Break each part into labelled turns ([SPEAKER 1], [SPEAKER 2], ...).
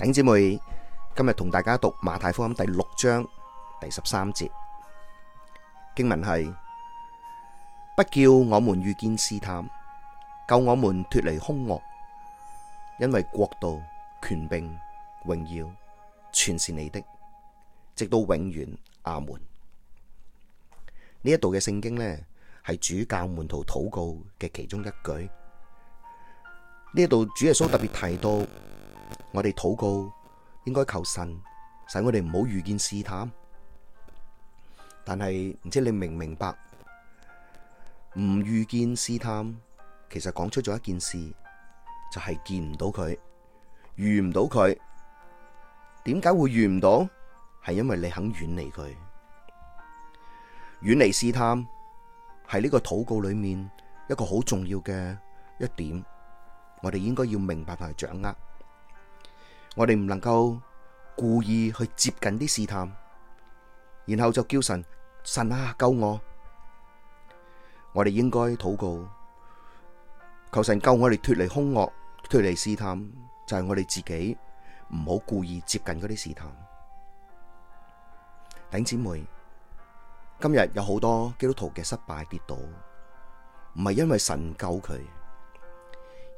[SPEAKER 1] 頂姐妹，今日同大家讀馬太福音第六章第十三節經文係：不叫我們遇見試探，救我們脱離凶惡，因為國度、權柄、榮耀，全是你的，直到永遠。阿門。呢一度嘅聖經呢，係主教門徒禱告嘅其中一句。呢度主耶穌特別提到。我哋禱告應該求神，使我哋唔好遇見試探。但係唔知你明唔明白？唔遇見試探，其實講出咗一件事，就係、是、見唔到佢，遇唔到佢。點解會遇唔到？係因為你肯遠離佢，遠離試探，係呢個禱告裏面一個好重要嘅一點。我哋應該要明白同埋掌握。我哋唔能夠故意去接近啲試探，然後就叫神，神啊救我。我哋應該禱告，求神救我哋脫離兇惡，脫離試探，就係我哋自己唔好故意接近嗰啲試探。弟兄姊妹，今日有好多基督徒嘅失敗跌倒，唔係因為神救佢，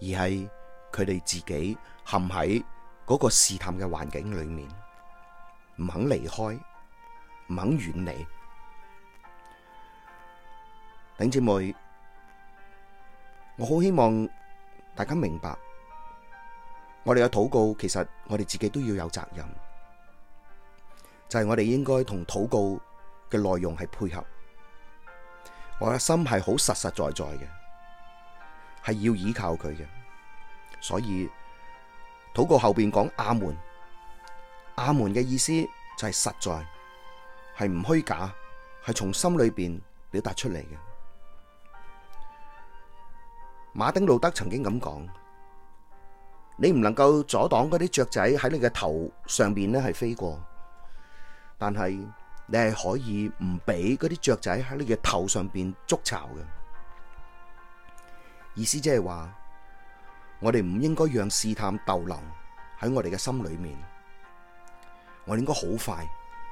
[SPEAKER 1] 而係佢哋自己陷喺。嗰個試探嘅環境裏面，唔肯離開，唔肯遠離，頂姐妹，我好希望大家明白，我哋嘅禱告其實我哋自己都要有責任，就係、是、我哋應該同禱告嘅內容係配合，我嘅心係好實實在在嘅，係要依靠佢嘅，所以。好過後邊講阿門，阿門嘅意思就係實在，係唔虛假，係從心裏邊表達出嚟嘅。馬丁路德曾經咁講：你唔能夠阻擋嗰啲雀仔喺你嘅頭上邊咧係飛過，但係你係可以唔俾嗰啲雀仔喺你嘅頭上邊築巢嘅。意思即係話。我哋唔應該讓試探逗留喺我哋嘅心裏面，我哋應該好快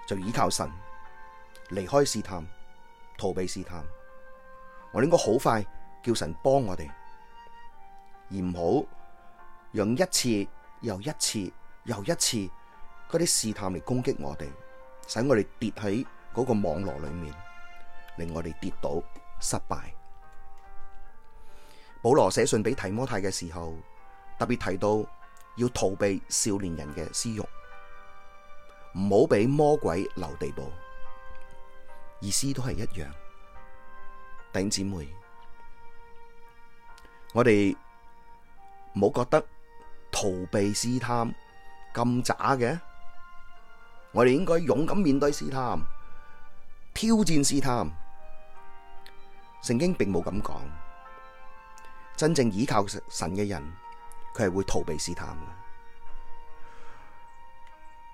[SPEAKER 1] 就依靠神離開試探，逃避試探。我哋應該好快叫神幫我哋，而唔好用一次又一次又一次嗰啲試探嚟攻擊我哋，使我哋跌喺嗰個網絡裏面，令我哋跌倒失敗。保羅寫信俾提摩太嘅時候，特別提到要逃避少年人嘅私欲，唔好俾魔鬼留地步，意思都係一樣。弟兄姊妹，我哋唔好覺得逃避試探咁渣嘅，我哋應該勇敢面對試探，挑戰試探。聖經並冇咁講。真正依靠神嘅人，佢係會逃避試探嘅。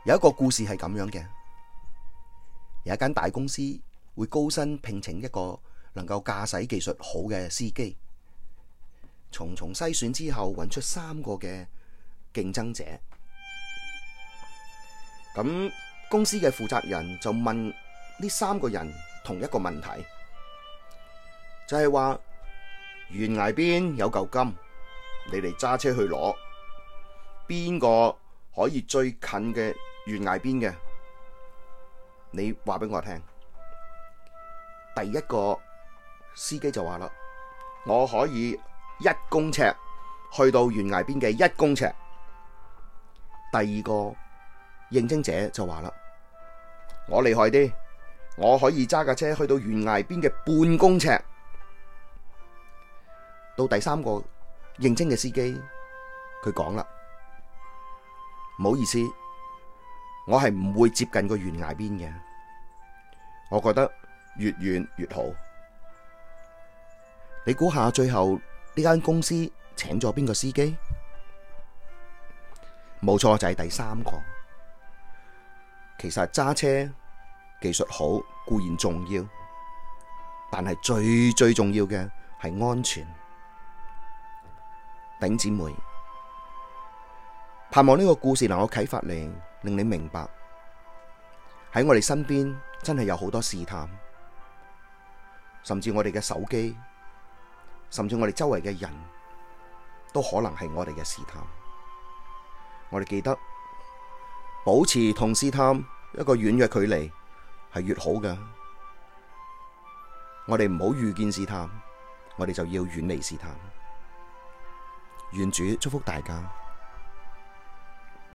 [SPEAKER 1] 有一個故事係咁樣嘅，有一間大公司會高薪聘請一個能夠駕駛技術好嘅司機，重重篩選之後揾出三個嘅競爭者。咁公司嘅負責人就問呢三個人同一個問題，就係話。懸崖邊有嚿金，你嚟揸車去攞。邊個可以最近嘅懸崖邊嘅？你話俾我聽。第一個司機就話啦，我可以一公尺去到懸崖邊嘅一公尺。第二個應徵者就話啦，我厲害啲，我可以揸架車去到懸崖邊嘅半公尺。到第三個認證嘅司機，佢講啦：唔好意思，我係唔會接近個懸崖邊嘅。我覺得越遠越好。你估下最後呢間公司請咗邊個司機？冇錯，就係第三個。其實揸車技術好固然重要，但係最最重要嘅係安全。兄姊妹，盼望呢個故事能夠啟發你，令你明白喺我哋身邊真係有好多試探，甚至我哋嘅手機，甚至我哋周圍嘅人都可能係我哋嘅試探。我哋記得保持同試探一個遠嘅距離係越好嘅。我哋唔好遇見試探，我哋就要遠離試探。願主祝福大家。